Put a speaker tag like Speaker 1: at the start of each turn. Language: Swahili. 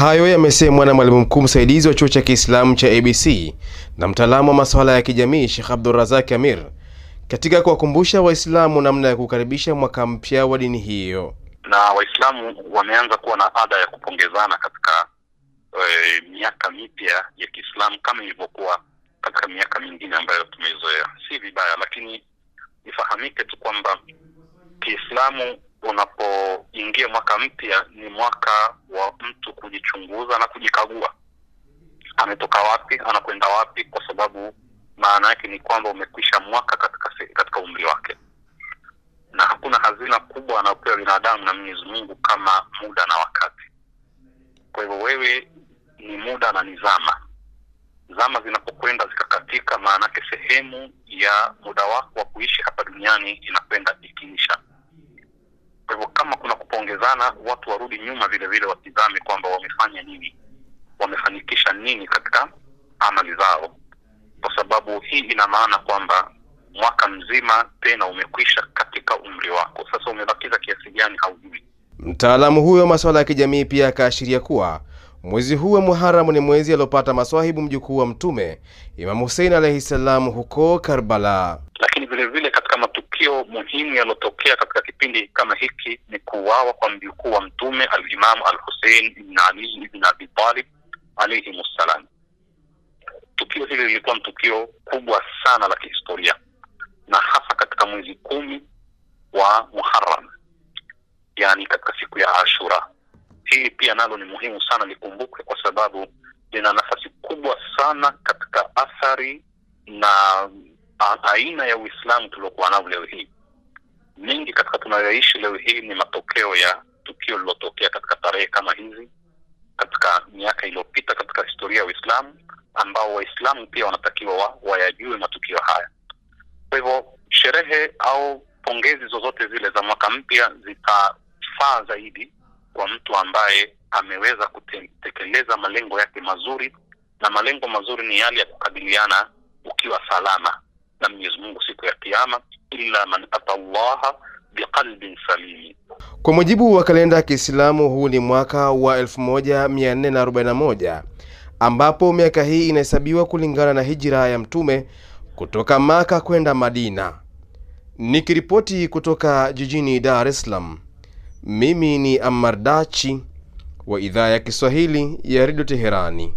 Speaker 1: Hayo yamesemwa na mwalimu mkuu msaidizi wa chuo cha Kiislamu cha ABC na mtaalamu wa masuala ya kijamii Sheikh Abdurazak Amir katika kuwakumbusha Waislamu namna ya kukaribisha mwaka mpya wa dini hiyo.
Speaker 2: Na Waislamu wameanza kuwa na ada ya kupongezana katika e, miaka mipya ya Kiislamu kama ilivyokuwa katika miaka mingine ambayo tumeizoea. Si vibaya, lakini ifahamike tu kwamba Kiislamu unapo tunapoingia mwaka mpya ni mwaka wa mtu kujichunguza na kujikagua ametoka wapi anakwenda wapi kwa sababu maana yake ni kwamba umekwisha mwaka katika katika umri wake na hakuna hazina kubwa anayopewa binadamu na mwenyezi mungu kama muda na wakati kwa hivyo wewe ni muda na nizama zama zinapokwenda zikakatika maanake sehemu ya muda wako wa kuishi hapa duniani inakwenda kuelezana, watu warudi nyuma vile vile, watizame kwamba wamefanya nini, wamefanikisha nini katika amali zao, kwa sababu hii ina maana kwamba mwaka mzima tena umekwisha katika umri wako, sasa umebakiza kiasi
Speaker 1: gani haujui. Mtaalamu huyo wa masuala ya kijamii pia akaashiria kuwa mwezi huu wa Muharamu ni mwezi aliopata maswahibu mjukuu wa Mtume Imamu Husein alahi ssalam huko Karbala
Speaker 2: matukio muhimu yaliyotokea katika kipindi kama hiki ni kuuawa kwa mjukuu wa Mtume Alimamu Alhusein Ibn Ali Ibn Abi Talib alaihimussalam. Tukio hili lilikuwa ni tukio kubwa sana la kihistoria, na hasa katika mwezi kumi wa Muharram, yani katika siku ya Ashura. Hili pia nalo ni muhimu sana likumbukwe, kwa sababu lina nafasi kubwa sana katika athari na aina ya Uislamu tuliokuwa nao leo hii. Mengi katika tunayoishi leo hii ni matokeo ya tukio lilotokea katika tarehe kama hizi katika miaka iliyopita katika historia ya Uislamu, ambao Waislamu pia wanatakiwa wayajue matukio haya. Kwa hivyo sherehe au pongezi zozote zile za mwaka mpya zitafaa zaidi kwa mtu ambaye ameweza kutekeleza malengo yake mazuri, na malengo mazuri ni yale ya kukabiliana ukiwa salama na Mwenyezi Mungu siku ya Kiyama, illa man ata biqalbin salimi.
Speaker 1: Kwa mujibu wa kalenda ya Kiislamu, huu ni mwaka wa 1441 ambapo miaka hii inahesabiwa kulingana na hijra ya Mtume kutoka Maka kwenda Madina. Nikiripoti kutoka jijini Dar es Salaam, mimi ni amardachi Dachi wa idhaa ya Kiswahili ya Redio Teherani.